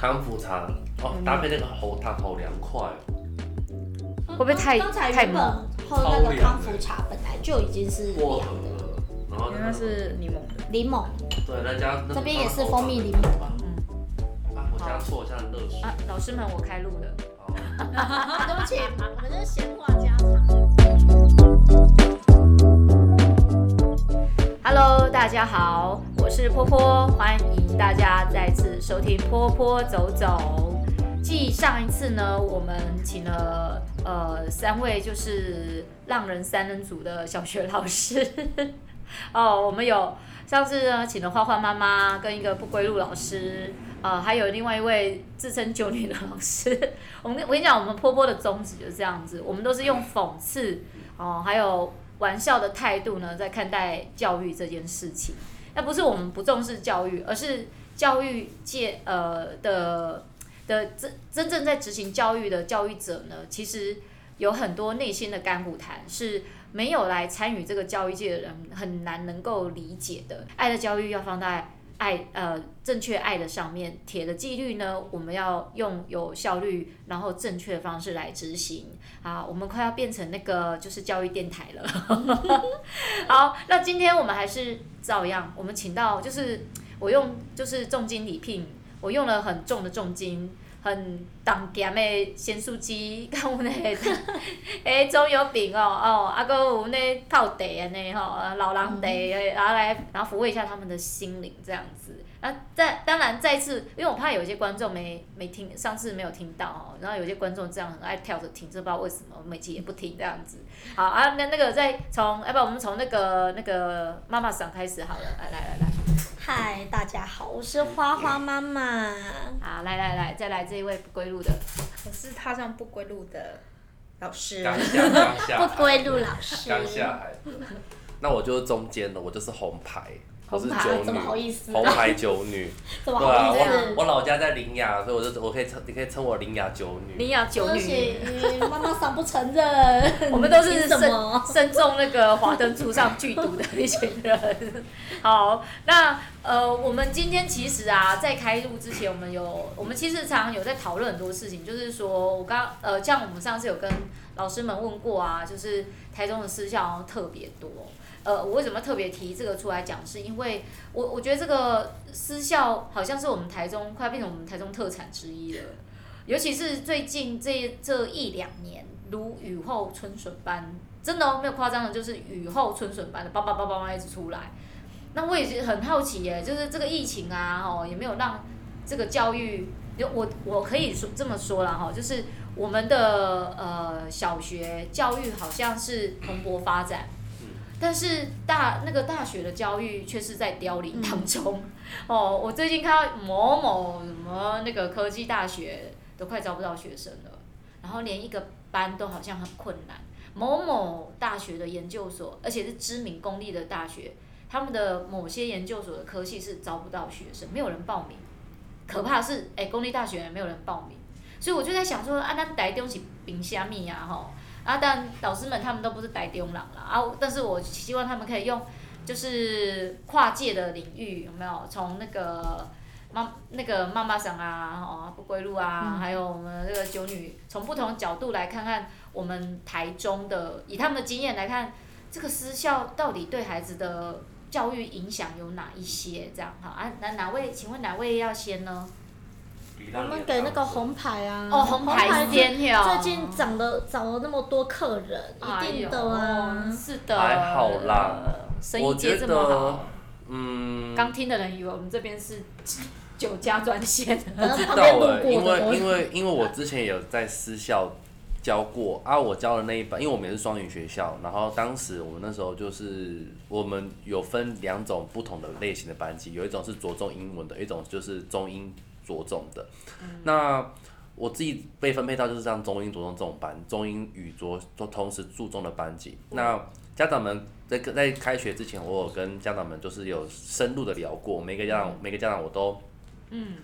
康福茶、哦嗯，搭配那個喉糖，好涼快哦。會不會太？太猛喝那個康福茶本來就已經是的過頭了，然後原、這、來、個、是檸檬，檸檬。對，再加上這邊也是蜂蜜檸檬吧，嗯。我加錯加了熱水。老師們，我開錄了。 對不起，我們就是閒話家常。Hello，大家好。我是波波，歡迎大家再次收聽波波走走。繼上一次呢，我們請了呃三位就是浪人三人組的小學老師 哦，我們有上次呢請了花花媽媽跟一個不歸路老師，呃，還有另外一位自稱九年的老師。 我們我跟你講，我們波波的宗旨就是這樣子，我們都是用諷刺哦、呃，還有玩笑的態度呢，在看待教育這件事情。那不是我們不重視教育，而是教育界呃的的真真正在執行教育的教育者呢，其實有很多內心的甘苦談是沒有來參與這個教育界的人很難能夠理解的。愛的教育要放在。愛呃，正確愛的上面，鐵的紀律呢，我們要用有效率，然後正確的方式來執行啊。我們快要變成那個就是教育電台了。 好，那今天我們還是照樣，我們請到就是我用就是重金禮聘，我用了很重的重金。很重鹹的鹹酥雞，甲阮誒誒，蔥油餅哦哦，啊、喔，擱有阮的泡茶安尼吼，老人茶、嗯欸，然後來，然後撫慰一下他們的心靈，這樣子。啊，再當然再次，因為我怕有一些觀眾沒沒聽上次沒有聽到，喔，然後有些觀眾這樣很愛跳着聽，就不知道為什麼我每集也不聽這樣子。好啊，那那個再從，要，啊，不我們從那個那個媽媽桑開始好了，來來來來。嗨，嗯，大家好，我是花花媽媽，欸欸。啊，來來來，再來這一位不歸路的。我是踏上不歸路的老師，啊。剛 下。不歸路老師。剛下來那我就是中間的，我就是紅牌。紅牌是九女怎麼好意思？啊，紅牌九女，啊對啊，麼好意思啊，我老我老家在林雅，所以我就我可以稱你可以稱我林雅九女。林雅九女，媽媽桑不承認。媽媽 我們都是身身中那個華燈初上劇毒的那些人。好，那呃，我們今天其實啊，在開錄之前，我們有我們其實常常有在討論很多事情，就是說我剛，我剛呃，像我們上次有跟老師們問過啊，就是台中的私校特別多。呃，我為什麼特別提這個出來講？是因為我我覺得這個私校好像是我們台中快要變成我們台中特產之一了，尤其是最近這這一兩年，如雨後春筍般，真的哦，沒有誇張的，就是雨後春筍般的叭叭叭叭叭一直出來。那我也很好奇耶，就是這個疫情啊，哦，也沒有讓這個教育，有，我我可以說這麼說了哈，就是我們的呃小學教育好像是蓬勃發展。但是大那個大學的教育卻是在凋零當中。嗯、哦，我最近看到某某什麼那個科技大學都快招不到學生了，然後連一個班都好像很困難。某某大學的研究所，而且是知名公立的大學，他們的某些研究所的科系是招不到學生，沒有人報名。可怕是，哎、欸，公立大學也沒有人報名，所以我就在想說，啊，那台中是憑蝦米啊，吼？啊，但導師們他們都不是台中人啦，啊，但是我希望他們可以用，就是跨界的領域有沒有？從那個媽那個媽媽桑啊，哦，不歸路啊、嗯，還有我們這個九女，從不同角度來看看我們台中的，以他們的經驗來看，這個私校到底對孩子的教育影響有哪一些？這樣哈，啊，那哪位？請問哪位要先呢？我們給那個紅牌啊，哦、紅牌店最近漲了漲了那麼多客人，一定的啊、哎哦，是的，還好啦。呃、我覺得生意接這麼好，嗯，剛聽的人以為我們這邊是酒家專線。我知道了，哈哈的因為因為因為我之前有在私校教過、哎、啊，我教的那一班，因為我們也是雙語學校，然後當時我們那時候就是我們有分兩種不同的類型的班級，有一種是着重英文的，有一種就是中英。着重的，那我自己被分配到就是像中英着重這種班，中英語着都同時注重的班級。那家長們在在開學之前，我有跟家長們就是有深入的聊過，每個家長每個家長我都嗯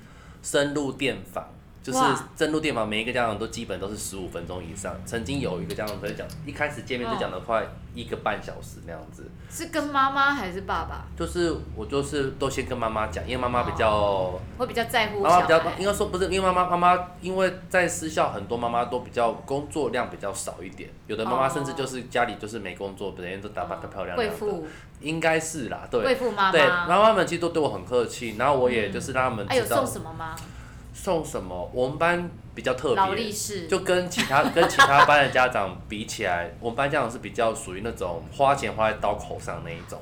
深入電訪。嗯嗯就是進入電訪，每一個家長都基本都是十五分鐘以上。曾經有一個家長可以講，一開始見面就講了快一個半小時那樣子。是跟媽媽還是爸爸？就是我就是都先跟媽媽講，因為媽媽比較，會比較在乎。媽媽比較應該說不是，因為媽媽媽媽因為在私校很多媽媽都比較工作量比較少一點，有的媽媽甚至就是家裡就是沒工作，本人都打扮漂漂亮亮的。貴婦應該是啦，對。貴婦媽媽對媽媽們其實都對我很客氣，然後我也就是讓他們知道。有什麼嗎？送什麼？我們班比較特別，勞力士。就跟其他跟其他班的家長比起來， 我們班家長是比較屬於那種花錢花在刀口上那一種。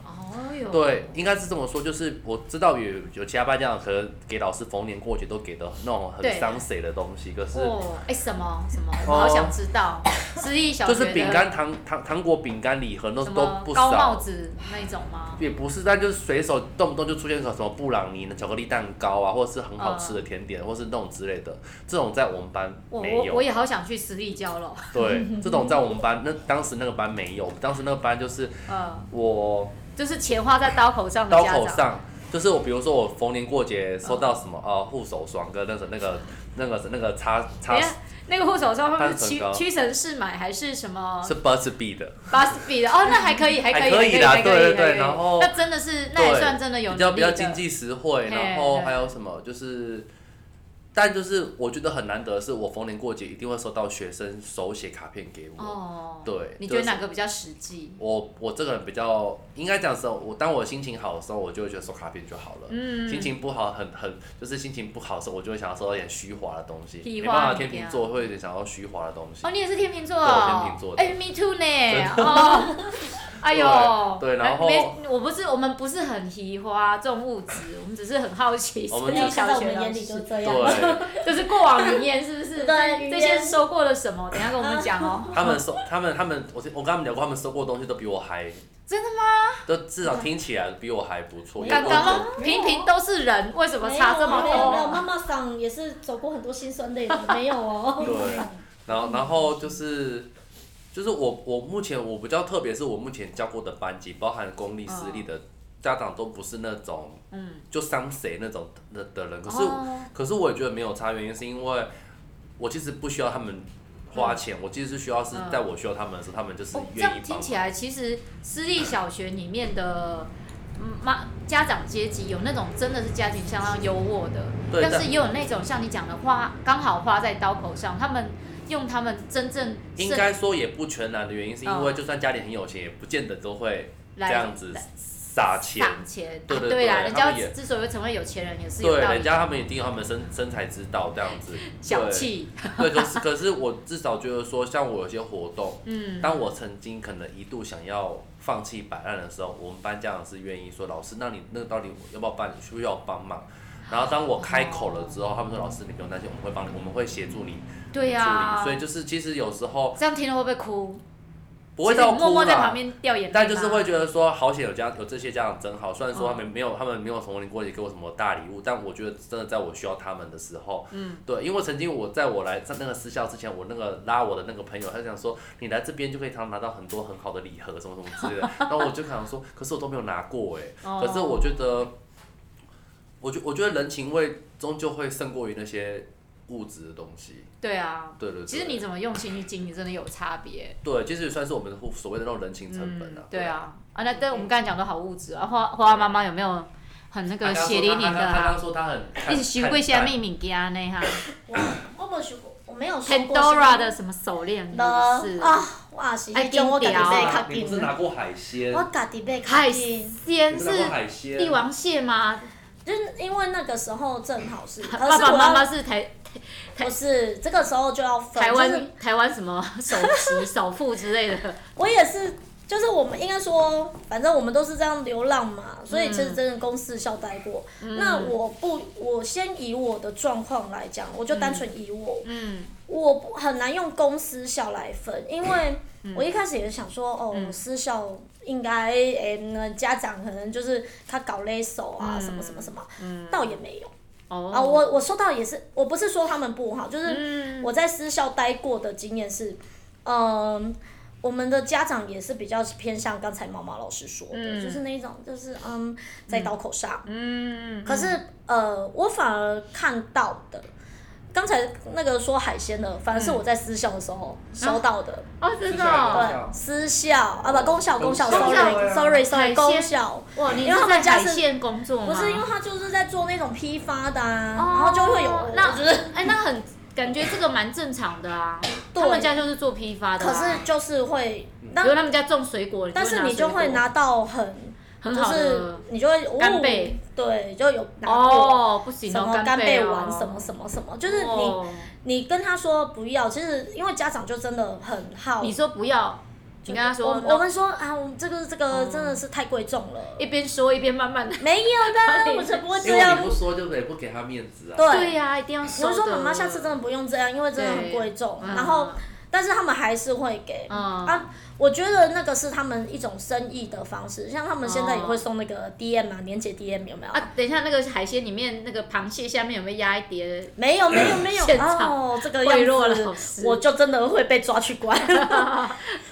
對，應該是這麼說。就是我知道有有其他班這樣，可能給老師逢年過節都給的那種很傷 a n 的東西。可是，哎、哦，什麼什麼，我好想知道、哦、就是餅乾、糖糖糖果、餅乾禮盒那都不少。帽子那種嗎？也不是，但就是隨手動不動就出現個什麼布朗尼、巧克力蛋糕啊，或者是很好吃的甜點，嗯、或是那種之類的。這種在我們班沒有。我，我，我也好想去私立教了。對，這種在我們班那當時那個班沒有，當時那個班就是、嗯、我。就是錢花在刀口上的。刀口上，就是我，比如說我逢年過節收到什麼哦、啊、護手霜跟那個那個那個那個擦擦。那個護手霜，它是屈屈臣氏買還是什麼？是 Burt's Bees 的。Burt's Bees 的哦，那還可以，還可以。還可以啦，對對對。然後。那真的是，那也算真的有的。比較比較經濟實惠，然後還有什麼就是。對對對但就是我覺得很難得的是，我逢年過節一定會收到學生手寫卡片給我，oh。對。你覺得哪個比較實際？我我這個人比較應該講是，我當我心情好的時候，我就會覺得收卡片就好了。嗯、mm。心情不好很，很很就是心情不好的時候，我就會想要收到一點虛華的東西。沒辦法，天秤座會有點想要虛華的東西。哦，你也是天秤座哦？對，我天秤座。哎、欸，me too 呢！ 哎呦，對，對，然後沒，我不是，我們不是很喜歡這種物質，我們只是很好奇。 我們小、就、學、是、這樣。 對。 就是過往雲煙，是不是？不對。這些收過了什麼？等下跟我們講哦。 他們收，他們他們，我我跟他們聊過，他們收過的東西都比我嗨 。真的嗎？都至少聽起來比我還不錯。剛剛。平平都是人，為什麼差這麼多？沒有，媽媽桑也是走過很多辛酸淚的，沒有哦。對， 然後然後就是。就是我，我目前我比較，特別是我目前教過的班級，包含公立私立的家長都不是那種，嗯，就傷誰那種的的人。嗯、可是、哦，可是我也覺得沒有差，原因是因為我其實不需要他們花錢，嗯、我其實是需要是在我需要他們的時候，嗯、他們就是願意幫，這樣聽起來，其實私立小學裡面的媽、嗯、家長階級有那種真的是家庭相當優渥的對，但是也有那種像你講的話，剛、嗯、好花在刀口上，他們。用他們真正，正應該說也不全然的原因，是因為就算家裡很有錢，也不見得都會這樣子撒錢。撒錢，對對對。啊啊、人家之所以會成為有錢人，也是對人家他們一定他們生生財之道這樣子。對，對，可是可是我至少覺得說，像我有些活動，嗯，當我曾經可能一度想要放棄擺爛的時候，我們班家長是願意說，老師，那你那到底要不要幫你，需不需要幫忙？然後當我開口了之後，oh. 他們說：“老師，你不用擔心，我們會幫你，我們會協助你，對呀、啊，所以就是其實有時候這樣聽了會不會哭？不會到哭吧、就是？但就是會覺得說，好險有家有這些家長真好。雖然說他們沒有，oh. 他們沒有從我過去給我什麼大禮物，但我覺得真的在我需要他們的時候，嗯、mm.，對，因為曾經我在我來在那個私校之前，我那個拉我的那個朋友，他就想說你來這邊就可以他拿到很多很好的禮盒什麼什麼之類的。 然後我就想說，可是我都沒有拿過哎，oh. 可是我覺得。”我覺我覺得人情味終究會勝過於那些物質的東西。對啊，對，對對。其實你怎麼用心去經營，真的有差別。對，其實也算是我們所謂的那種人情成本啊。嗯、對啊，啊那但我們剛才講的好物質啊，花花媽媽有沒有很那個血淋淋的、啊？他剛剛說他，他剛剛說他很，你是收過些咩物件呢？哈、 啊，我我沒有收過，我沒有說過什麼。 Pandora 的什麼手鏈？都是啊，我也是。一定掉。你不是拿過海鮮？啊、哇哇我家己買的海鮮是帝王蟹嗎？我就是因為那個時候正好是，我 爸爸媽媽是，是，爸爸媽媽是台台不是這個時候就要分台灣、就是、台灣什麼首席首富之類的，我也是。就是我們應該說，反正我們都是這樣流浪嘛，所以其實真的公私校待過、嗯。那我不，我先以我的狀況來講，我就單純以我，嗯、我不很難用公私校來分，因為我一開始也是想說，哦，嗯、私校應該誒，那、欸、家長可能就是他搞勒手啊，什麼什麼什麼，倒也沒有。嗯嗯、啊，我我說倒也是，我不是說他們不好，就是我在私校待過的經驗是，嗯。我們的家長也是比較偏向剛才毛毛老師說的，嗯、就是那種，就是、um, 嗯，在刀口上。嗯。可是、嗯、呃，我反而看到的，剛才那個說海鮮的，反而是我在私校的時候收到的。嗯啊、哦，真的、哦。對，私校，啊，不，公校，公校 sorry, sorry, sorry, 公校哇，你是在海鮮，他們家是海鮮工作嗎？不是，因為他就是在做那種批發的、啊哦，然後就會有那，我覺得，哎，那很。 感覺這個蠻正常的啊，他們家就是做批發的、啊。可是就是會，比如他們家種水果，水果，但是你就會拿到很，很好，就是你就會干貝、哦、對，就有拿過什麼干貝丸什麼什麼什麼、什麼、哦，就是你你跟他說不要，其實因為家長就真的很好。你說不要。你跟他說，我，我，我，我們說、啊、這個這個真的是太貴重了。一邊說一邊慢慢的。沒有的， 我才不會這樣。因為你不說，就得不給他面子啊。對啊，一定要說。我說媽媽，下次真的不用這樣，因為真的很貴重。然後。嗯但是他們還是會給、哦、啊，我覺得那個是他們一種生意的方式，像他們現在也會送那個 DM 啊，年、哦、節 DM 有沒有？啊，等一下那個海鮮裡面那個螃蟹下面有沒有壓一疊、嗯？沒有沒有沒有，現場賄賂、哦這個、了，我就真的會被抓去關，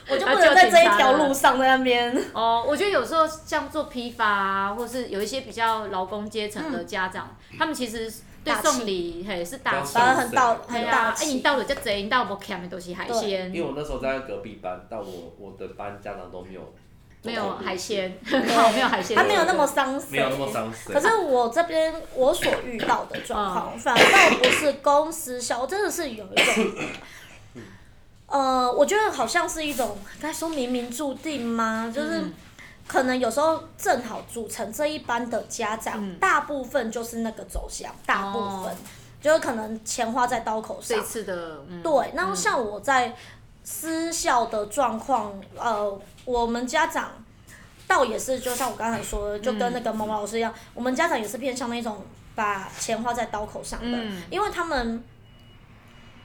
我就不能在這一條路上在那邊、啊。哦，我覺得有時候像做批發啊，或是有一些比較勞工階層的家長、嗯，他們其實。對，送禮嘿是大方很到，很大，哎、啊欸，你到的就賊，你到不客氣，都是海鮮。因為我那時候在隔壁班，但我我的班家長都沒有，沒有海鮮，沒有海鮮，他沒有那麼傷神，沒有那麼傷，可是我這邊我所遇到的狀況、啊，反倒不是公司小，我真的是有一種， 呃，我覺得好像是一種該說冥冥注定嗎？就是。嗯可能有時候正好組成這一班的家長、嗯，大部分就是那個走向，大部分、哦、就是可能錢花在刀口上、這次的、嗯。對，那像我在私校的狀況、嗯，呃，我們家長倒也是，就像我剛才說的、嗯，就跟那個毛毛老師一樣、嗯，我們家長也是偏向那種把錢花在刀口上的，嗯、因為他們。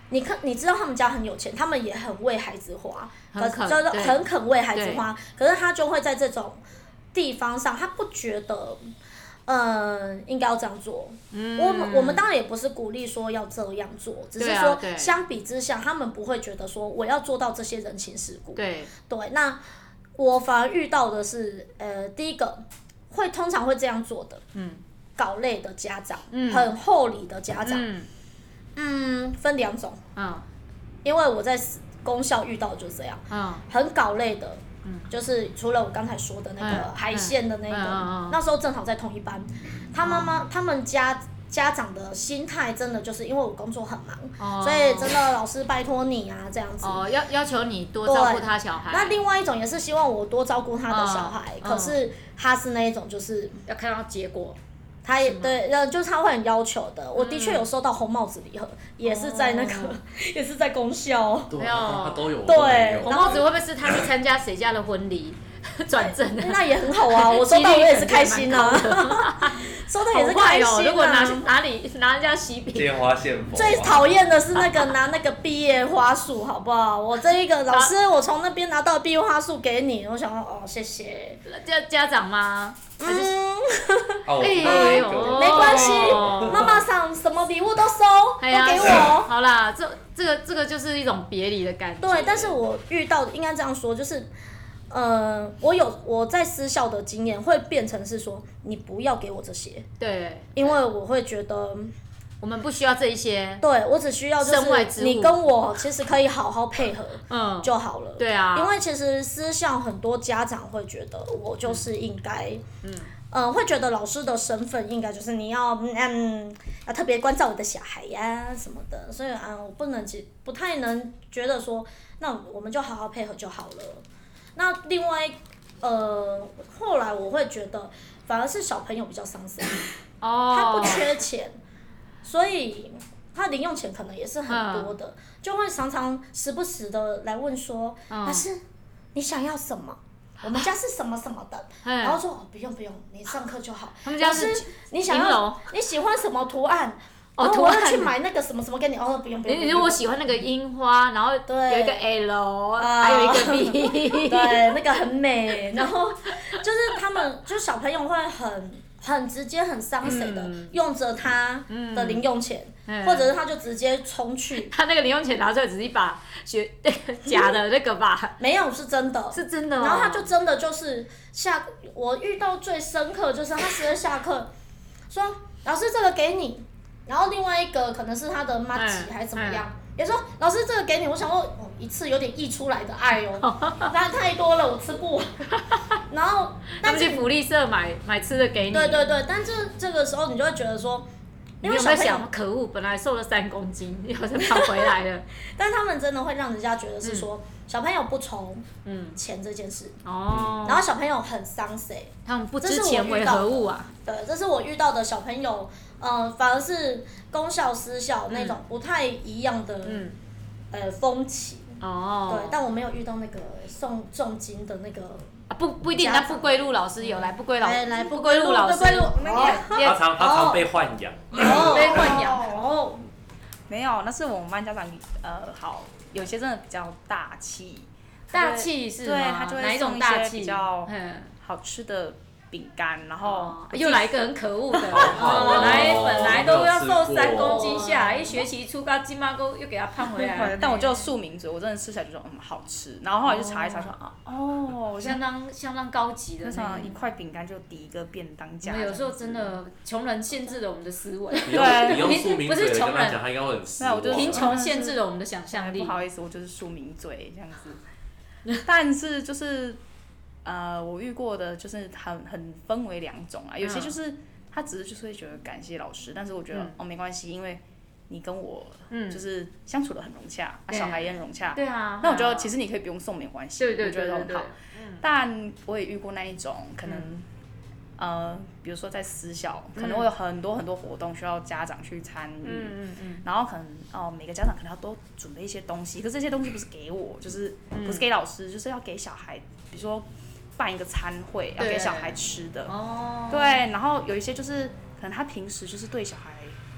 你看，你知道他們家很有錢，他們也很為孩子花，很可可就是很肯為孩子花。可是他就會在這種地方上，他不覺得，嗯、呃，應該要這樣做。嗯、我我我們當然也不是鼓勵說要這樣做，只是說、啊、相比之下，他們不會覺得說我要做到這些人情世故。對，對那我反而遇到的是，呃，第一個會通常會這樣做的，嗯，搞類的家長，嗯、很厚禮的家長，嗯嗯嗯，分兩種啊、哦，因為我在公校遇到就是這樣，嗯、哦，很搞累的，嗯，就是除了我剛才說的那個海鮮、嗯、的那個、嗯，那時候正好在同一班，嗯、他媽媽、哦、他們家家長的心態真的就是因為我工作很忙，哦、所以真的老師拜托你啊這樣子，哦，要要求你多照顧他小孩，那另外一種也是希望我多照顧他的小孩、哦，可是他是那一種就是要看到結果。他也對，呃，就是他會很要求的。我的確有收到紅帽子禮盒，嗯，也是在那個，Oh. 也是在公校， 對啊，有都，有，都有。對，紅帽子會不會是他去參加誰家的婚禮？ 轉 正了， 那也很好啊！我收到，我也是開心啊收 到也是開心啊。 哦、如果拿哪裡拿人家喜餅，啊、最討厭的是那個拿那個畢業花束， 好不好？我這一個 老師，我從那邊拿到畢業花束給你，我想說哦，謝謝家家長嗎？嗯，哦，我沒關係，媽媽想什麼禮物都收， 啊，都給我，哦。好啦，這這個這個就是一種別離的感覺。對，但是我遇到應該這樣說，就是。呃、嗯，我有我在私校的經驗，會變成是說你不要給我這些，對，因為我會覺得我們不需要這一些，對，我只需要身外之物。你跟我其實可以好好配合，嗯，就好了、嗯。對啊，因為其實私校很多家長會覺得我就是應該，嗯，呃、嗯嗯，會覺得老師的身份應該就是你要嗯要特別關照我的小孩呀、啊、什麼的，所以啊我不能接，不太能覺得說那我們就好好配合就好了。那另外，呃，後來我會覺得，反而是小朋友比較傷心，oh. 他不缺錢，所以他零用錢可能也是很多的，uh. 就會常常時不時的來問說：“老師，你想要什麼？Uh. 我們家是什麼什麼的？”然後說：“ uh. 不用不用，你上課就好。”老師，你想要、uh. 你喜歡什麼圖案？哦,哦，我要去買那個什麼什麼給你哦，不用不用。因為我喜歡那個櫻花，然後對，有一個 L，還有一個 B，、呃、 對那個很美。然後就是他們，就小朋友會很很直接，很傷誰的，用着他的零用錢、嗯嗯，或者是他就直接衝去、啊，他那個零用錢拿出來，直接把學假 的那個吧、嗯，沒有是真的，是真的。然後他就真的就是下，我遇到最深刻就是他時，時而下課說老師這個給你。然後另外一個可能是他的麻吉還是怎麼樣，哎哎，也說老師這個給你，我想說、嗯、一次有點溢出來的愛哦，但 太多了，我吃不完。 然後他們去福利社買買吃的給你。對對對，但這這個時候你就會覺得說，因為小朋友有有想可惡，本來瘦了三公斤，又跑回來了。 但是他們真的會讓人家覺得是說，嗯、小朋友不愁嗯錢這件事哦、嗯嗯，然後小朋友很傷誰，他們不知錢為何物啊。對，這是我遇到的小朋友。嗯、呃，反而是公校私校，嗯、那種不太一樣的嗯呃風氣。哦。對，但我沒有遇到那個送重金的那個、啊。不不一定，那不歸路老師有來，不歸老。來不歸、哎、路老師。不歸路，路，哦、那個、yes, 他常他常被換養。哦、 被換養、哦。沒有，那是我們班家長呃好，有些真的比較大氣。大氣是。對，他就會送一些比較嗯。哪一種大氣？較好吃的。餅乾，然後又來一個很可惡的、 哦，本來本來都要瘦三公斤下，哦、一學期初高金媽狗又給他胖回來、嗯、但我就素名嘴，我真的吃起來就說嗯好吃，然後後來就查一查說啊哦，哦，相當相當高級的那一塊餅乾就抵一個便當價。有時候真的窮人限制了我們的思維，對，你你 不是窮人，他應該會很貧窮 限制了我們的想象力、哎。不好意思，我就是宿命嘴這樣子， 但是就是。呃、uh，我遇過的就是很很分為兩種啊，有、嗯、些就是他只是就是會覺得感謝老師，但是我覺得、嗯、哦沒關係，因為你跟我就是相處得很融洽、嗯啊，小孩也很融洽，對啊。那我覺得其實你可以不用送，沒關係，我覺得都很好、嗯。但我也遇過那一種，可能、嗯、呃，比如說在私校，可能會有很多很多活動需要家長去參與、嗯嗯嗯嗯，然後可能哦、呃、每個家長可能要多準備一些東西，可是這些東西不是給我，就是、嗯、不是給老師，就是要給小孩，比如說。辦一個餐會要給小孩吃的，對，對。然後有一些就是可能他平時就是對小孩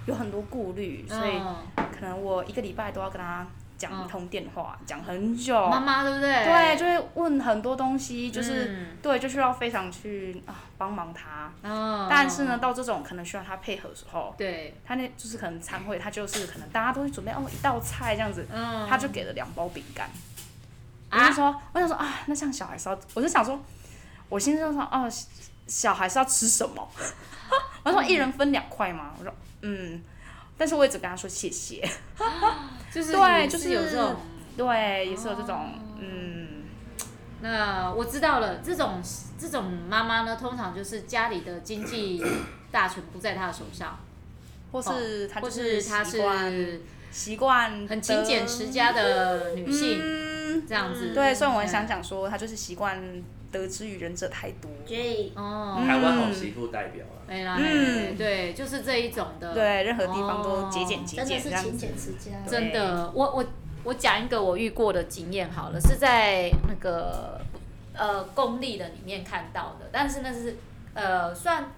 有很多顧慮、嗯，所以可能我一個禮拜都要跟他講一通電話，講、嗯、很久，媽媽對不對？對，就會問很多東西，就是、嗯、對，就需要非常去啊幫、呃、忙他、嗯。但是呢，到這種可能需要他配合的時候，對，他那就是可能餐會，他就是可能大家都會準備哦一道菜這樣子，嗯、他就給了兩包餅乾。我就說，啊、我想說啊，那像小孩是我就想說，我心中說哦、啊，小孩是要吃什麼？啊、我說一人分兩塊嘛。我說嗯，但是我也只跟他說謝謝。哈、啊、哈，就是 對，就是、是有這種，對，也是有這種、啊、嗯。那我知道了，這種這種媽媽呢，通常就是家裡的經濟大權不在她的手上，或是她就是，是她習慣習慣很勤儉持家的女性。嗯這樣子，嗯、對，所以我想講說，他就是習慣得之於人者太多，哦、嗯，台灣好媳婦代表了、啊，嗯，對，就是這一種的，對，任何地方都節儉節儉，真的是勤儉持家，真的，我我我講一個我遇過的經驗好了，是在那個呃公立的裡面看到的，但是那是呃算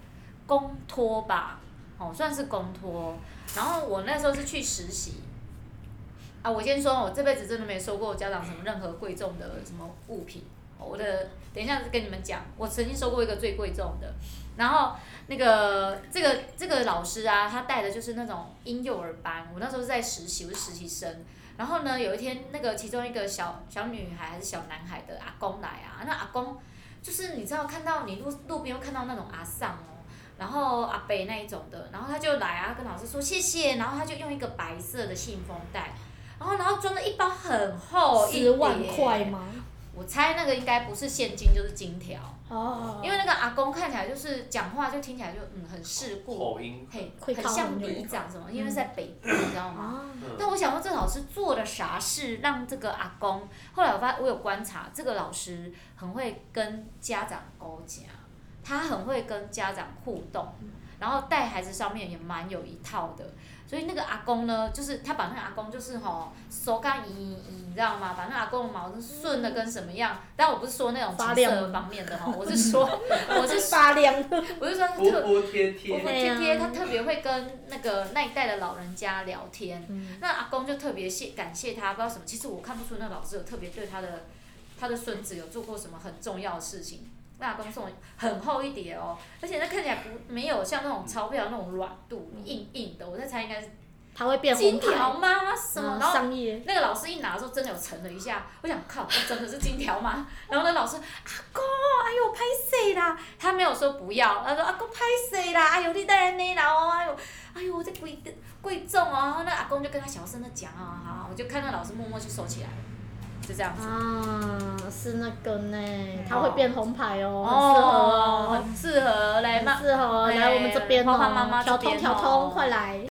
公托吧，哦，算是公托，然後我那時候是去實習。啊，我先說，我這輩子真的沒收過我家長什麼任何貴重的什麼物品。我的，等一下再跟你們講，我曾經收過一個最貴重的。然後那個這個這個老師啊，他帶的就是那種嬰幼兒班。我那時候是在實習，我是實習生。然後呢，有一天那個其中一個小小女孩還是小男孩的阿公來啊，那阿公就是你知道看到你路路邊又看到那種阿桑哦，然後阿北那一種的，然後他就來啊，跟老師說謝謝，然後他就用一個白色的信封袋。然、哦、後，然後裝了一包很厚，十萬塊嗎、欸？我猜那個應該不是現金，就是金條、哦嗯。因為那個阿公看起來就是講話就聽起來就嗯很世故，口、哦、音，很像你長什麼，因為在北部，你、嗯、知道嗎、嗯？但我想說這老師做了啥事讓這個阿公？後來我發，我有觀察，這個老師很會跟家長溝通，他很會跟家長互動，然後帶孩子上面也蠻有一套的。所以那個阿公呢，就是他把那個阿公就是吼、哦，手竿一一，你知道嗎？把那個阿公的毛都順的跟什麼樣、嗯？但我不是說那種發亮的方面的哈，的 我是說，我是發亮的，我就說是，波特貼貼，波波貼貼，他特別會跟那個那一代的老人家聊天，嗯、那阿公就特別謝感謝他，不知道什麼。其實我看不出那個老師有特別對他的他的孫子有做過什麼很重要的事情。那阿公送很厚一疊哦，而且那看起來不沒有像那種鈔票那種軟度、嗯，硬硬的。我在猜應該是金條嗎？它會變金條嗎？什麼？嗯、然後那個老師一拿的時候真的有沉了一下，我想靠，那、哦、真的是金條嗎？ 然後那老師 阿公，哎呦，歹勢啦！他沒有說不要，他說阿公歹勢啦，哎呦，你帶來哪哦，哎呦，哎呦，這貴貴重哦。那阿公就跟他小聲的講啊，我就看到老師默默去收起來就這樣子啊，是那個呢，它會變紅牌哦，適、哦、合，很適合、哦哦、很適合來，適合來，來，來我們這邊哦，調、哦、通，調通，調通、哦，快來。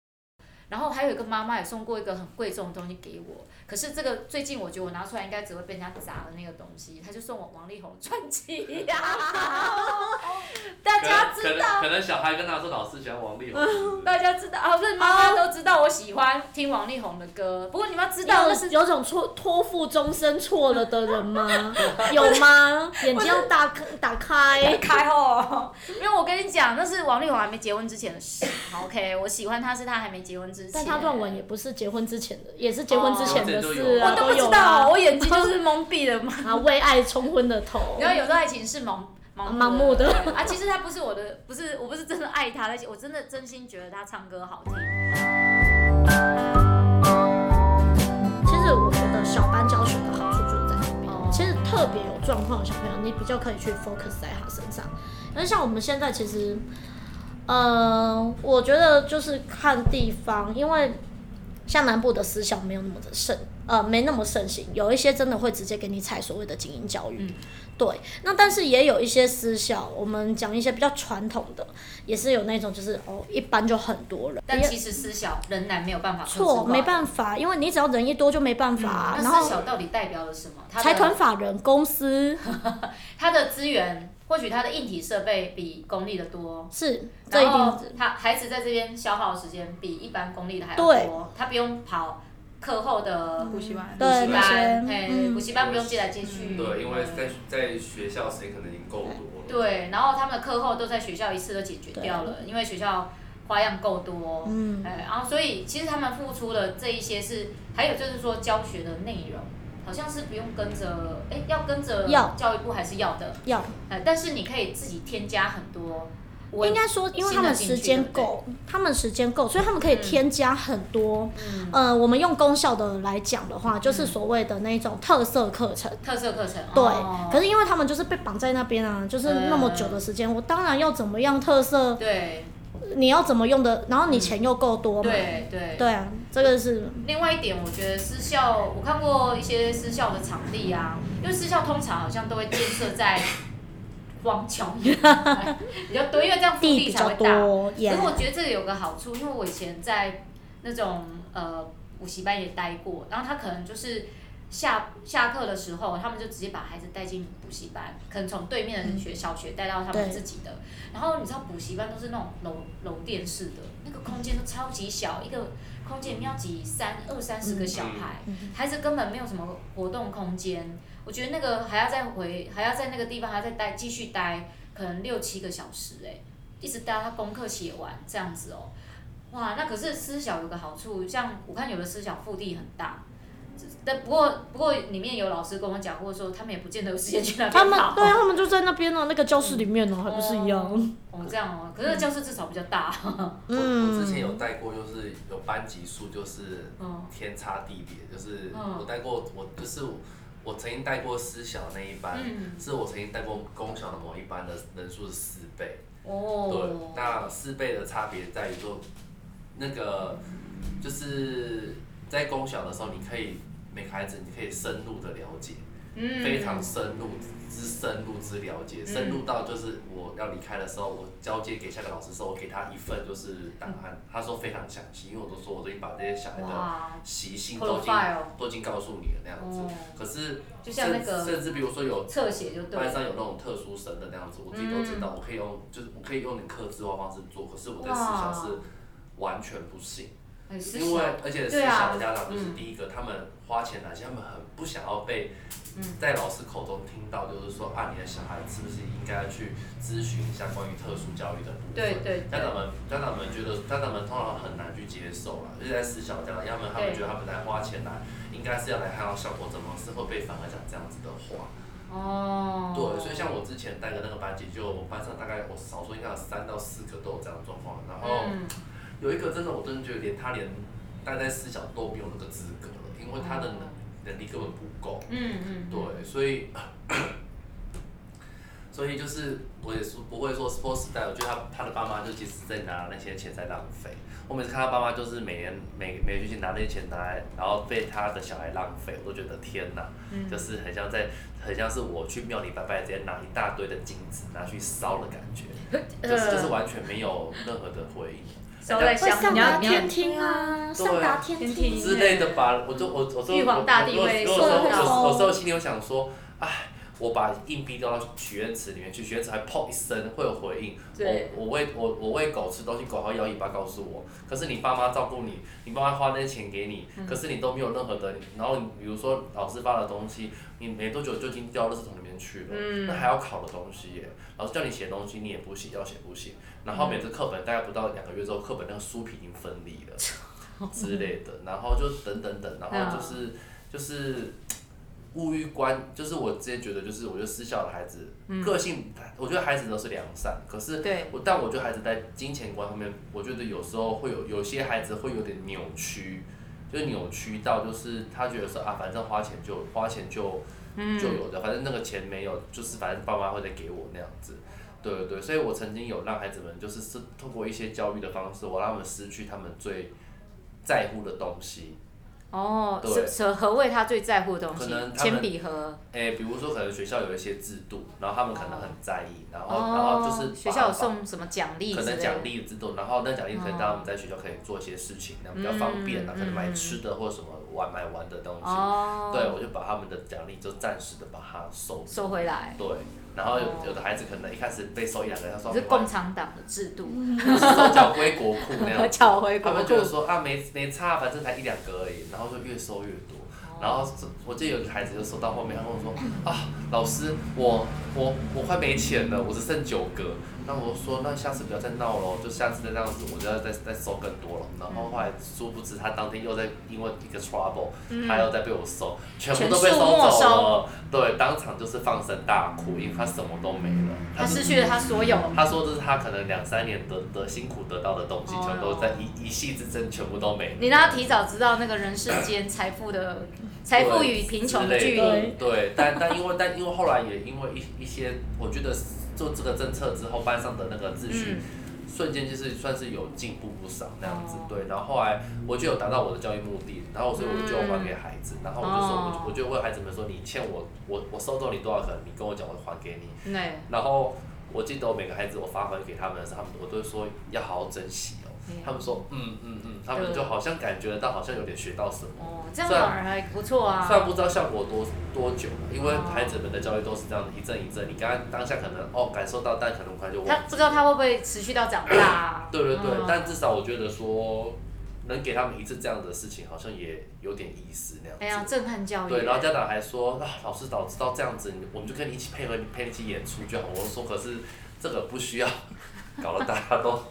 然後還有一個媽媽也送過一個很貴重的東西給我。可是這個最近，我覺得我拿出來應該只會被人家砸的那個東西，他就送我王力宏專輯呀， 大家知道，可、可、可能小孩跟他說老師喜歡王力宏是是、嗯，大家知道啊？不是媽媽都知道我喜歡聽王力宏的歌，哦、不過你們要知道的是，有、有種錯託付終身錯了的人嗎？ 有嗎？眼睛要打、打開，打開、喔，開哦！因為我跟你講，那是王力宏還沒結婚之前的事。 OK，我喜歡他是他還沒結婚之前，但他論文也不是結婚之前的，也是結婚之前的、哦。啊都啊、我都不知道，喔啊，我眼睛就是蒙蔽的嘛，啊。為愛沖昏了頭。因 為有時候愛情是盲盲目的，對不對，盲目的 啊。其實他不是我的，不是，我不是真的愛他，而且我真的真心覺得他唱歌好聽，嗯。其實我覺得小班教學的好處就是在那邊，嗯，其實特別有狀況的小朋友，你比較可以去 focus 在他身上。但是像我們現在，其實，嗯、呃，我覺得就是看地方，因為。像南部的私校沒有那麼的盛。呃，沒那麼盛行，有一些真的會直接給你採所謂的精英教育。嗯，對。那但是也有一些私校，我們講一些比較傳統的，也是有那種就是哦，一般就很多人。但其實私校仍然沒有辦法控制。錯，沒辦法，因為你只要人一多就沒辦法。嗯、然後私校、嗯、到底代表了什麼？財團法人公司， 他的資源或許他的硬體設備比公立的多。是，這一定是，然後他孩子在這邊消耗的時間比一般公立的還要多。對，他不用跑。課後的補習班、嗯、班，補習班，哎，補習、嗯、班不用接來接去、嗯。對，因為在學在學校時間可能已經夠多了。對，然後他們的課後都在學校一次都解決掉了，因為學校花樣夠多。嗯，哎、嗯，然後所以其實他們付出的這一些是，還有就是說教學的內容，好像是不用跟着，哎、欸，要跟着，要教育部還是要的，要，但是你可以自己添加很多。應該說，因為他們時間夠，他們時間夠、嗯，所以他們可以添加很多。嗯。呃，我們用功效的來講的話、嗯，就是所謂的那一種特色課程。特色課程。對、哦。可是因為他們就是被綁在那邊啊，就是那麼久的時間、呃，我當然要怎麼樣特色？對。你要怎麼用的？然後你錢又夠多嘛、嗯、對對。對啊，這個、就是。另外一點，我覺得私校，我看過一些私校的場地啊，因為私校通常好像都會建設在。 光 腳丫比較多，因為這樣腹地才會大。不過我覺得這裡有個好處，yeah. 因為我以前在那種呃補習班也待過，然後他可能就是下下課的時候，他們就直接把孩子帶進補習班，可能從對面的學小學帶到他們自己的。嗯、對然後你知道補習班都是那種樓樓電式的，那個空間都超級小，嗯、一個空間裡面要擠三二三十個小孩，孩、嗯、子、嗯、根本沒有什麼活動空間。我覺得那個還要再回，還要在那個地方還要再待，繼續待可能六七個小時哎、欸，一直待到他功課寫完這樣子哦。哇，那可是私小有個好處，像我看有的私小腹地很大，但不過不過裡面有老師跟我講過說，他們也不見得有時間去那邊。他們、哦、對，他們就在那邊呢、哦，那個教室裡面哦，嗯、還不是一樣哦。哦，這樣哦。可是教室至少比較大。嗯。呵呵我，我之前有帶過，就是有班級數，就是天差地別、嗯，就是我帶過、嗯、我就是我。我曾經帶過私小那一班、嗯，是我曾經帶過公小的某一班的人數是四倍。哦，對，那四倍的差別在於說，那個就是在公小的時候，你可以每個孩子你可以深入的了解。非常深入之深入之了解，深入到就是我要離開的時候，我交接給下個老師的時候，我給他一份就是檔案，嗯，他說非常詳細，因為我都說我已經把這些小孩的習性都已經都已經、哦、經告訴你了那樣子，哦、可是就像那個，甚甚至比如說有班上有那種特殊生的那樣子，我自己都知道，嗯，我可以用就是我可以用你客製化方式做，可是我在私校是完全不行，因為、欸、因為而且私校的啊、家長就是第一個，嗯、他們。花錢來，其實他們很不想要被在老師口中聽到，就是說、嗯、啊，你的小孩是不是應該去諮詢一下關於特殊教育的部分？對對、對。家長們，家長們覺得，家長們通常很難去接受啊，就是、在私小這樣，要麼他們覺得他們來花錢來，應該是要來看到效果怎麼，是會被反而講這樣子的話。哦。對，所以像我之前帶的那個班級，就我班上大概我少說應該有三到四個都有這樣的狀況，然後、嗯、有一個真的，我真的覺得連他連待在私小都沒有那個資格。因為他的能能力根本不夠，嗯嗯，對，所以咳咳所以就是我也是不會說 sports s t 我覺得他他的爸媽就即使是在拿那些錢在浪費。我每次看他爸媽，就是每年每每學期拿那些錢拿來，然後被他的小孩浪費，我都覺得天哪，嗯，就是很像在很像是我去廟裡拜拜，直接拿一大堆的金子拿去燒的感覺，就是就是完全沒有任何的回憶。你要你要你天聽啊，聽啊上達天聽，啊，之類的吧。我就，嗯，我就我大會我我有時說，有時候心裡想說，哎，我把硬幣丟到許願池裡面去，許願池還砰一聲會有回應。我我喂我我餵狗吃東西，狗還會搖尾巴告訴我。可是你爸媽照顧你，你爸媽花那些錢給你，嗯，可是你都沒有任何的。然後比如說老師發的東西，你沒多久就已經掉垃圾桶裡面去了。那，嗯，還要考的東西，老師叫你寫東西，你也不寫，要寫不寫。然後每次課本大概不到兩個月之後，課本那個書皮已經分離了之類的，然後就等等等，然後就是就是物欲觀，就是我直接覺得就是我覺得私校的孩子，個性我覺得孩子都是良善，可是我但我覺得孩子在金錢觀後面，我覺得有時候會有有些孩子會有點扭曲，就扭曲到就是他覺得說啊反正花錢就花錢就就有的，反正那個錢沒有就是反正爸媽會再給我那樣子。對對對，所以我曾經有讓孩子們，就是是通過一些教育的方式，我讓他們失去他們最在乎的東西。哦、oh，何何為他最在乎的東西？可能鉛筆盒。哎，比如說，可能學校有一些制度，然後他們可能很在意，然後、oh, 然後就是學校有送什麼獎勵是不是？可能獎勵制度，然後那獎勵可能當我們在學校可以做一些事情，然後比較方便、啊，然、oh. 後可能買吃的或者什麼玩買玩的東西。Oh. 對，我就把他們的獎勵就暫時的把它收收回來。對。然後有，有的孩子可能一開始被收一兩個人，他說這是共產黨的制度，嗯，就是、收繳歸國庫那樣 國，他們就會說啊，沒沒差，反正才一兩個而已，然後就越收越多。哦、然後我我記得有個孩子就收到後面，他跟我說啊，老師，我我我快沒錢了，我只剩九個。那我說，那下次不要再鬧了，就下次再這樣子，我就要再再收更多了。然後後來，殊不知他當天又在因為一個 trouble，、嗯、他又在被我收，全部都被收走了收。對，當場就是放聲大哭，因為他什麼都沒了。他失去了他所有。他說這是他可能兩三年的的辛苦得到的東西，oh. 全都在一一夕之間，全部都沒了。你讓他提早知道那個人世間財富的財、嗯、富與貧窮的距離。對，對 對但但因為但因為後來也因為一一些，我覺得。做這個政策之後，班上的那個秩序，瞬間就是算是有進步不少那樣子、嗯，對。然後後來我就有達到我的教育目的，然後所以我就還給孩子，嗯、然後我就說我就，我就我就問孩子們說，你欠我，我我收走你多少顆，你跟我講，我還給你、嗯。然後我記得我每個孩子我發回給他們的時候，他們我都說要好好珍惜、哦。他們說，嗯嗯嗯，他們就好像感覺到，好像有點學到什麼、哦。這樣反而還不錯啊。雖然不知道效果多多久，因為孩子們的教育都是這樣，一陣一陣。你剛剛當下可能哦感受到，但可能很快就忘了。他不知道他會不會持續到長大、啊嗯。對對對、嗯，但至少我覺得說，能給他們一次這樣的事情，好像也有點意思那樣子、哎。震撼教育。對，然後家長還說、啊、老師早知道這樣子，我們就跟你一起配合，陪你一起演出就好。我說，可是這個不需要。搞得大家都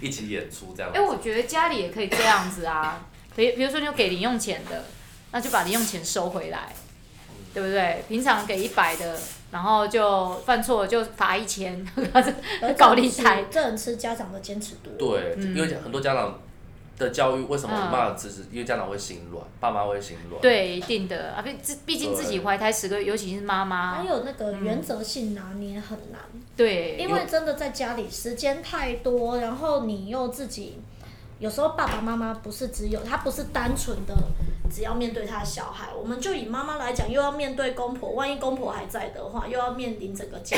一起演出這樣。哎，我覺得家裡也可以這樣子啊，比 比如說你有給零用錢的，那就把零用錢收回來，對不對？平常給一百的，然後就犯錯就罰一千，搞理財，這人是家長的堅持多。對，因為很多家長。的教育為什麼罵了，只是因為家長會心軟，爸媽會心軟，對，一定的啊，畢竟自己懷胎十個月，尤其是媽媽，還有那個原則性拿、啊、捏、嗯、很難，對，因為真的在家裡時間太多，然後你又自己有時候爸爸媽媽不是只有他，不是單純的只要面對他的小孩，我們就以媽媽來講，又要面對公婆，萬一公婆還在的話，又要面臨整個家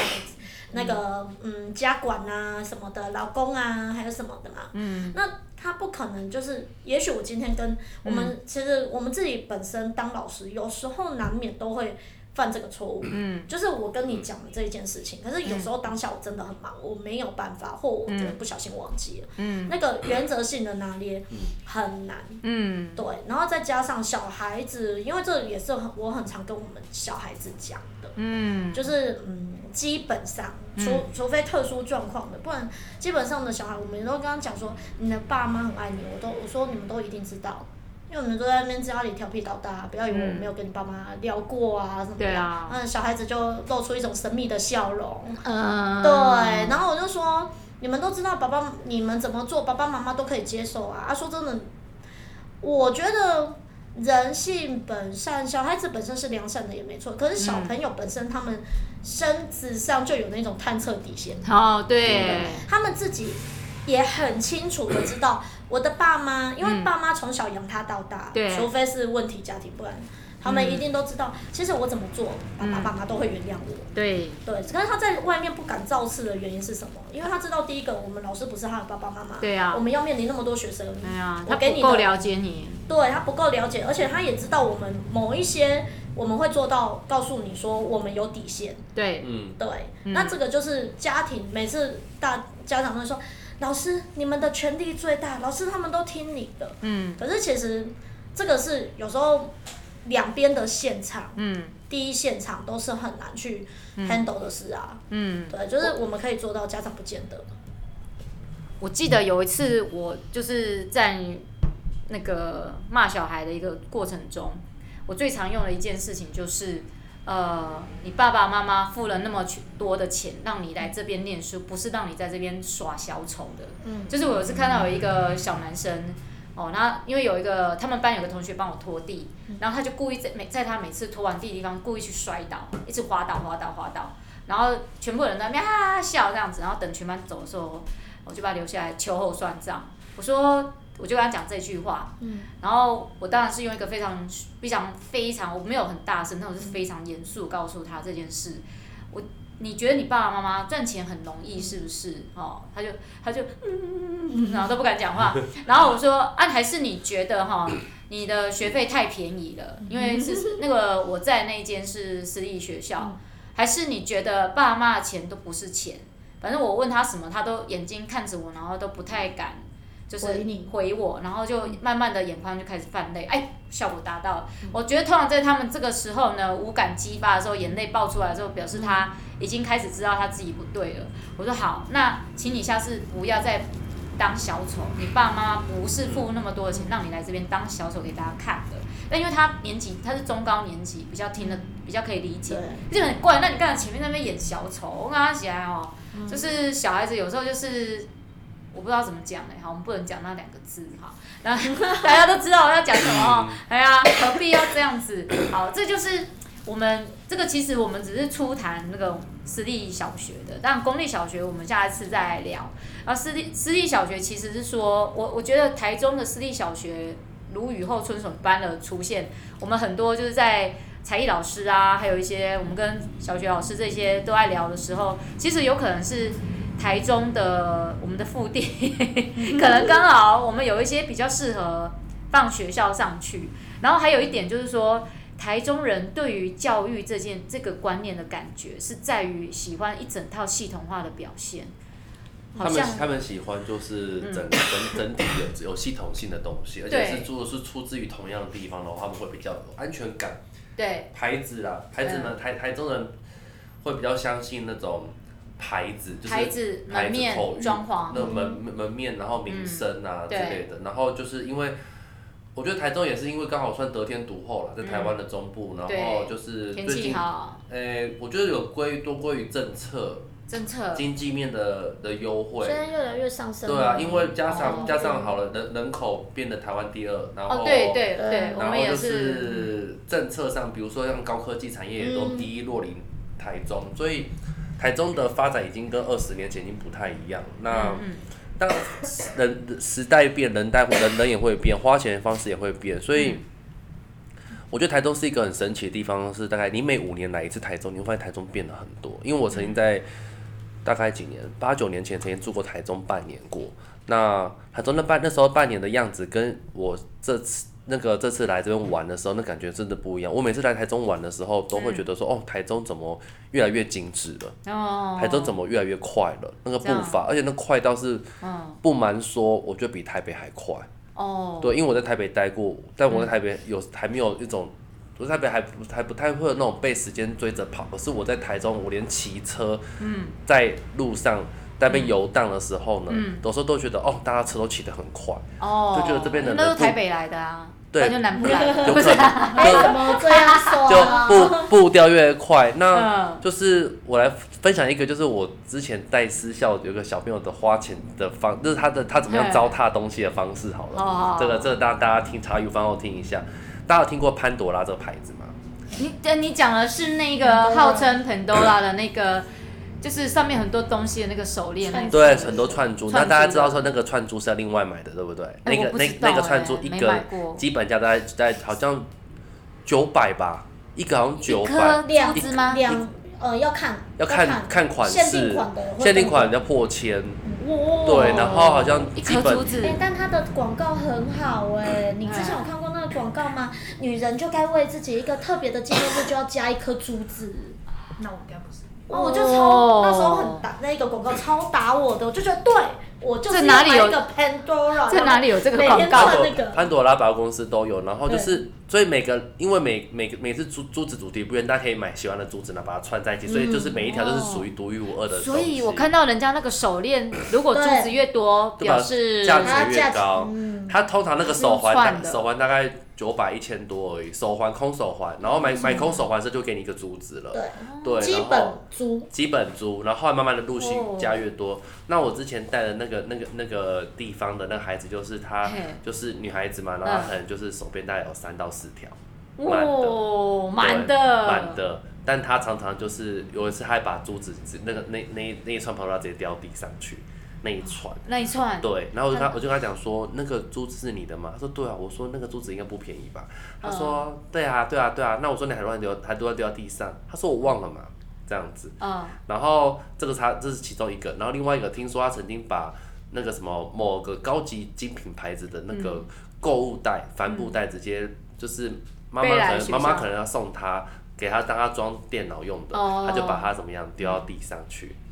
那個嗯，嗯家管啊什麼的，老公啊還有什麼的嘛、啊，嗯，那。他不可能就是，也許我今天跟我們，嗯，其實我們自己本身當老師，有時候難免都會犯這個錯誤、嗯，就是我跟你講的這一件事情、嗯。可是有時候當下我真的很忙，嗯、我沒有辦法，或我不小心忘記了。嗯、那個原則性的拿捏、嗯、很難、嗯，對。然後再加上小孩子，因為這也是很，我很常跟我們小孩子講的、嗯，就是嗯，基本上除除非特殊狀況的，不然基本上的小孩，我們都剛剛講說，你的爸媽很愛你，我都我說你們都一定知道。因為你們都在那邊家裡調皮搗蛋，不要以為我沒有跟你爸媽聊過啊，嗯、什麼的、啊。嗯，小孩子就露出一種神秘的笑容。嗯，對。然後我就說，你們都知道，爸爸，你們怎麼做，爸爸媽媽都可以接受啊。啊，說真的，我覺得人性本善，小孩子本身是良善的也沒錯。可是小朋友本身，嗯、他們身子上就有那種探測底線。哦，對。對不對？他們自己也很清楚的知道。 我的爸媽，因為爸媽從小養他到大，嗯、對，除非是問題家庭不，不然他們一定都知道、嗯。其實我怎麼做，爸爸、嗯、爸媽都會原諒我。對，對。可是他在外面不敢造次的原因是什麼？因為他知道，第一個，我們老師不是他的爸爸媽媽。對呀、啊。我們要面臨那麼多學生。對呀、啊。他不夠了解你。對，他不夠了解，而且他也知道我們某一些我們會做到，告訴你說我們有底線。對，嗯。對，嗯、那這個就是家庭。每次大家長都會說。老師，你們的權力最大，老師他們都聽你的。嗯，可是其實這個是有時候兩邊的現場，嗯，第一現場都是很難去 handle 的事啊。嗯，嗯，對，就是我們可以做到，家長不見得。我，我記得有一次，我就是在那個罵小孩的一個過程中，我最常用的一件事情就是。呃，你爸爸媽媽付了那麼多的錢讓你來這邊念書，不是讓你在這邊耍小丑的。嗯，就是我有一次看到有一個小男生，哦，那因為有一個他們班有個同學幫我拖地，然後他就故意在每在他每次拖完地的地方故意去摔倒，一直滑倒滑倒滑倒，然後全部人在那邊哈哈笑這樣子，然後等全班走的時候，我就把他留下來秋後算賬。我說。我就跟他講這句話，嗯，然後我當然是用一個非常、非常、非常，我沒有很大聲，但我是非常嚴肅告訴他這件事。我，你覺得你爸爸媽媽賺錢很容易是不是？哦，他就，他就、嗯嗯嗯，然後都不敢講話。然後我說，啊，還是你覺得哈、哦，你的學費太便宜了，因為是那個我在那間是私立學校，還是你覺得爸媽的錢都不是錢？反正我問他什麼，他都眼睛看着我，然後都不太敢。就是回我，我理你，然後就慢慢的眼眶就開始泛淚，哎，效果達到了、嗯。我覺得通常在他們這個時候呢，無感激發的時候，眼淚爆出來之後，表示他已經開始知道他自己不對了、嗯。我說好，那請你下次不要再當小丑，你爸媽不是付那麼多的錢、嗯、讓你來這邊當小丑給大家看的。那因為他年紀他是中高年級，比較聽得比較可以理解，就很怪。那你剛才前面那邊演小丑、啊，我跟他講哦、嗯，就是小孩子有時候就是。我不知道怎麼講哎、欸，好，我們不能講那兩個字哈。那 大家都知道我要講什麼哦。哎呀、啊，何必要這樣子？好，這就是我們這個。其實我們只是初談那個私立小學的，但公立小學我們下一次再聊。然後私立私立小學其實是說，我我覺得台中的私立小學如雨後春筍般的出現。我們很多就是在才藝老師啊，還有一些我們跟小學老師這些都愛聊的時候，其實有可能是。台中的我們的腹地， 可能剛好我們有一些比較適合放學校上去。然後還有一點就是說，台中人對於教育這件這個觀念的感覺是在於喜歡一整套系統化的表現。好像他們他們喜歡就是整、嗯、整整，整體有有系統性的東西，而且是做的 是出自於同樣的地方的話，他們會比較有安全感。對牌子啊牌子呢，嗯、台台中人會比較相信那種。牌子，牌子就是牌子、門面裝潢，那門、嗯、門面，然後名聲啊之類的、嗯。然後就是因為，我覺得台中也是因為剛好算得天獨厚了、嗯，在台灣的中部、嗯。然後就是最近，哎、欸，我覺得有歸多歸於政策，政策經濟面的的優惠越來越上升。對啊，因為加上、哦、加上好了，人人口變得台灣第二。哦、然後對，對、對然後就是政策上，比如說像高科技產業也都第一落臨台中、嗯，所以。台中的發展已經跟二十年前已經不太一樣。那，但人時代變，人人人也會變，花錢方式也會變。所以，我覺得台中是一個很神奇的地方。是大概你每五年來一次台中，你會發現台中變了很多。因為我曾經在大概幾年，八九年前曾經住過台中半年過。那台中那半那時候半年的樣子，跟我這次。那個這次來這邊玩的時候、嗯，那感覺真的不一樣。我每次來台中玩的時候，都會覺得說、嗯，哦，台中怎麼越來越精緻了？哦，台中怎麼越來越快了？那個步伐，而且那快倒是，不瞞說，哦、我覺得比台北還快。哦，對，因為我在台北待過，但我在台北有、嗯、還沒有一種，我、就、在、是、台北還不還不太會有那種被時間追着跑。可是我在台中，我連騎車在路上、嗯，在路上在那邊遊蕩的時候呢、嗯，有時候都覺得，哦，大家車都騎得很快，哦，就覺得這邊人，人都是台北來的啊。對 就男朋友，不是，為什麼這樣說啊？就步步調越快，那就是我來分享一個，就是我之前帶私校有個小朋友的花錢的方，就是他的他怎麼樣糟蹋東西的方式好了。這個，這個，這大大家聽茶餘飯後聽一下。大家有聽過潘朵拉這個牌子嗎？你，你講的是那個號稱潘朵拉的那個。嗯就是上面很多東西的那個手鏈，對，很多串珠、串珠。那大家知道說那個串珠是要另外買的，對不對？欸、那個、那、欸、那個串珠一個，基本價大概在好像九百吧，一個好像九百兩子嗎？兩呃要看，要看看、看款式，限定款的、限定款要破千。哇、哦！對，然後好像基本一顆珠子，欸、但它的廣告很好哎、欸，你之前有看過那個廣告嗎？女人就該為自己一個特別的紀念日就要加一顆珠子。 那我應該不是。哦，我就從那時候很打那一個廣告，超打我的，我就覺得對，我就是在哪裡有個 Pandora，在哪裡有這個廣告，那個 Pandora 百貨公司都有，然後就是所以每個因為每每個每次珠珠子主題不一樣，大家可以買喜歡的珠子呢，然後把它串在一起，嗯、所以就是每一條都是屬於獨一無二的，哦。所以我看到人家那個手鏈，如果珠子越多，對，表示價值越高值，嗯，它通常那個手環，手環大概。九百一千多而已，手環空手環，然後買、嗯、買空手環時候就給你一個珠子了，對，對嗯、然後基本珠，基本珠，然後，後來慢慢的陸續加越多、哦。那我之前帶的那個那個那個地方的那個孩子，就是她，他就是女孩子嘛，然後他可能就是手邊大概有三到四條，滿、哦、的滿的滿的，但她常常就是有一次他還把珠子那個那那一那一串葡萄直接掉地上去。那一串，那一串，對，然後他我就跟他講說，那個珠子是你的嗎？他說對啊，我說那個珠子應該不便宜吧？Uh... 他說對啊對啊對啊，那我說你還亂丟，還都要丟到地上？他說我忘了嘛，這樣子。Uh... 然後這個他這是其中一個，然後另外一個聽說他曾經把那個什麼某個高級精品牌子的那個購物袋、嗯、帆布袋直接就是媽媽可能媽媽可能要送他給他當他裝電腦用的，uh... 他就把它怎麼樣丟到地上去。嗯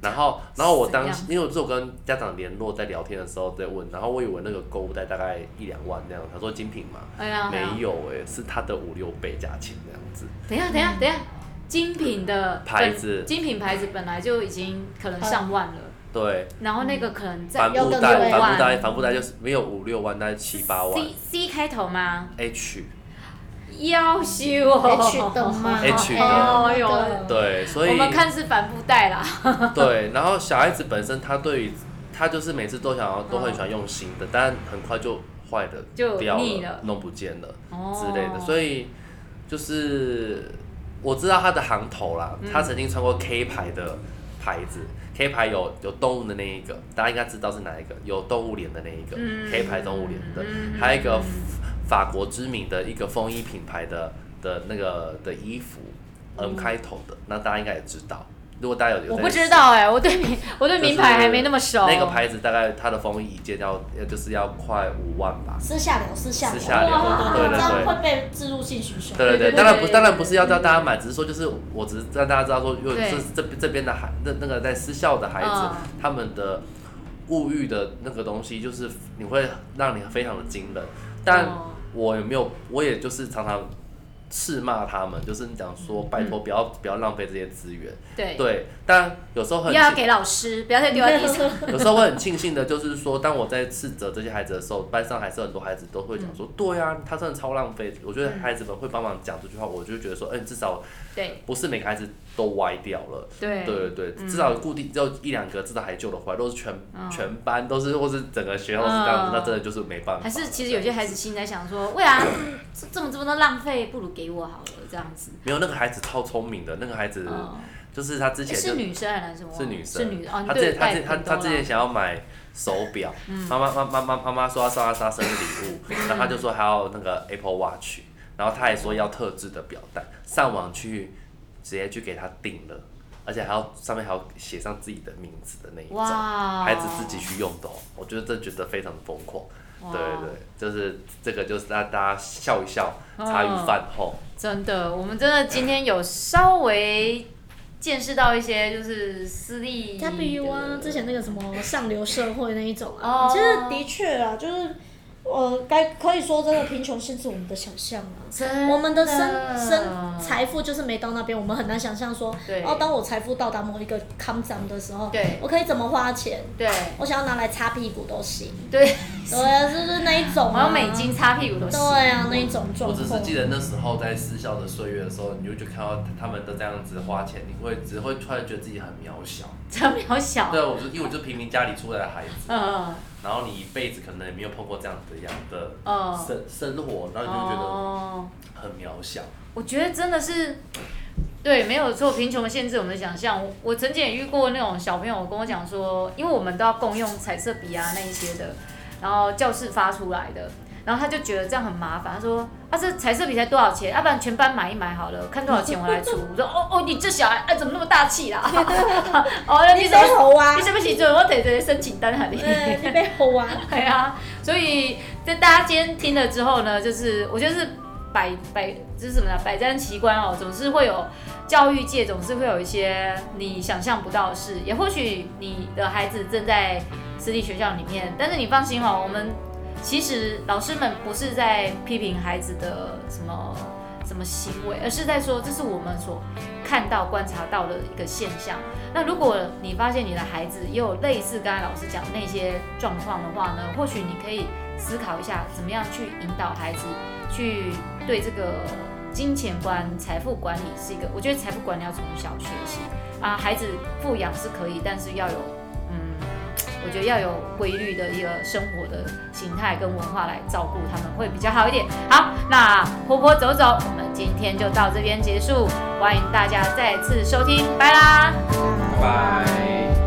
然後，然後我當，因為我有跟家長聯絡，在聊天的時候在問，然後我以為那個購物袋大概一兩萬這樣，他說精品嘛，啊、沒有哎、欸啊，是它的五六倍價錢這樣子，嗯。等一下，等一下，等下，精品的牌子，精品牌子本來就已經可能上萬了。啊、對、嗯。然後那個可能在帆布袋，帆布袋，帆布袋就是沒有五六萬，但是七八萬。C C 開頭嗎？H。要修啊，H 的嘛，H 的，H 的 oh, 對，所以我們看是反覆帶啦。對，然後小孩子本身他對於他就是每次都想要，oh. 都會喜歡用新的，但很快就壞了，就膩了，掉了，弄不見了、oh. 之類的。所以就是我知道他的行頭啦，他曾經穿過 K 牌的牌子、mm.，K 牌有有動物的那一個，大家應該知道是哪一個，有動物臉的那一個、mm.，K 牌動物臉的，mm. 還有一個。法國知名的一個風衣品牌的的那個的衣服嗯，開頭的，那大家應該也知道。如果大家有，我不知道哎、欸，我對名我對名牌還沒那麼熟。 那個牌子大概它的風衣一件要就是要快五萬吧。私下聊私下私校對對對，會被置入性需求。對對對，當然不當然不是要叫大家買，對對對對只是說就是我只是讓大家知道說，因為這是這這邊的孩那那個在私校的孩子，嗯、他們的物欲的那個東西，就是你會讓你非常的驚人，但。哦我有沒有？我也就是常常斥罵他們，就是你講說，拜託不要，嗯、不要浪費這些資源。對。對，但有時候很你要給老師，不要再丟在地上 有時候我很慶幸的，就是說，當我在斥責這些孩子的時候，班上還是很多孩子都會講說，嗯、對呀、啊，他真的超浪費。我覺得孩子們會幫忙講這句話，我就覺得說，嗯、欸，至少對，不是每個孩子。都歪掉了，對對對，至少固定就一兩個，嗯、至少還救得回來，都是全、嗯、全班都是，或是整個學校是這樣子，那、嗯、真的就是沒辦法。還是其實有些孩子心在想說，為啥 這麼這麼多浪費，不如給我好了這樣子。沒有那個孩子超聰明的，那個孩子、嗯、就是他之前是女生還是男生？是女生，是，是女的。他之前、哦、他之前他他之前想要買手表，嗯、媽媽媽媽媽媽媽說要送他生日禮物、嗯，然後他就說還要那個 Apple Watch，、嗯、然後他還說要特製的表帶，上網去。直接去給他定了，而且還要上面還要寫上自己的名字的那一種，wow. 孩子自己去用的、哦，我覺得這覺得非常的瘋狂。Wow. 對，對對，就是這個，就是讓大家笑一笑，茶餘飯後。Uh, 真的，我們真的今天有稍微見識到一些，就是私立 W 啊，之前那個什麼上流社會那一種啊，其、oh. 實的確啊，就是。呃，該可以說真的貧窮限制我們的想象了、啊。我們的身身財富就是沒到那邊，我們很難想象說對，哦，當我財富到達某一個康展的時候對，我可以怎麼花錢？對，我想要拿來擦屁股都行。對，對啊，就是，是那一種、啊，我要美金擦屁股都行。對啊，那一種狀況。我只是記得那時候在私小的歲月的時候，你就就看到他們都這樣子花錢，你會只會突然覺得自己很渺小，很渺小、啊。對我就因為我就平民家裡出來的孩子。 嗯嗯。然後你一輩子可能也沒有碰過這樣子的樣子的生、oh, 生活，然後你就覺得很渺小。Oh, 我覺得真的是，對，沒有錯，貧窮限制我們的想象。我我曾經也遇過那種小朋友，我跟我講說，因為我們都要共用彩色筆啊那一些的，然後教室發出來的。然後他就覺得這樣很麻煩，他說：“他、啊、是彩色筆才多少錢？要、啊、不然全班買一買好了，看多少錢我來出。 ”我說：“哦哦，你這小孩哎、啊，怎麼那麼大氣啦、啊？”“哈哈哈哈哈。 ”“哦，你什麼號啊？你什麼星座？我直接申請單給、啊、你。 ”“呃，你啊？”“對、 哎、呀。”所以，在大家今天聽了之後呢，就是我覺得是百百，百，就是什麼呢、啊？百戰奇觀哦，總是會有教育界總是會有一些你想象不到的事。也或許你的孩子正在私立學校裡面，但是你放心哦，我們。其實老師們不是在批評孩子的什麼什麼行為，而是在說這是我們所看到、觀察到的一個現象。那如果你發現你的孩子也有類似剛才老師講的那些狀況的話呢，或許你可以思考一下，怎麼樣去引導孩子去對這個金錢觀、財富管理是一個。我覺得財富管理要從小學習啊，孩子富養是可以，但是要有。我覺得要有規律的一個生活的形態跟文化來照顧他們會比較好一點。好，那婆婆走走，我們今天就到這邊結束，歡迎大家再次收聽，拜啦，拜拜。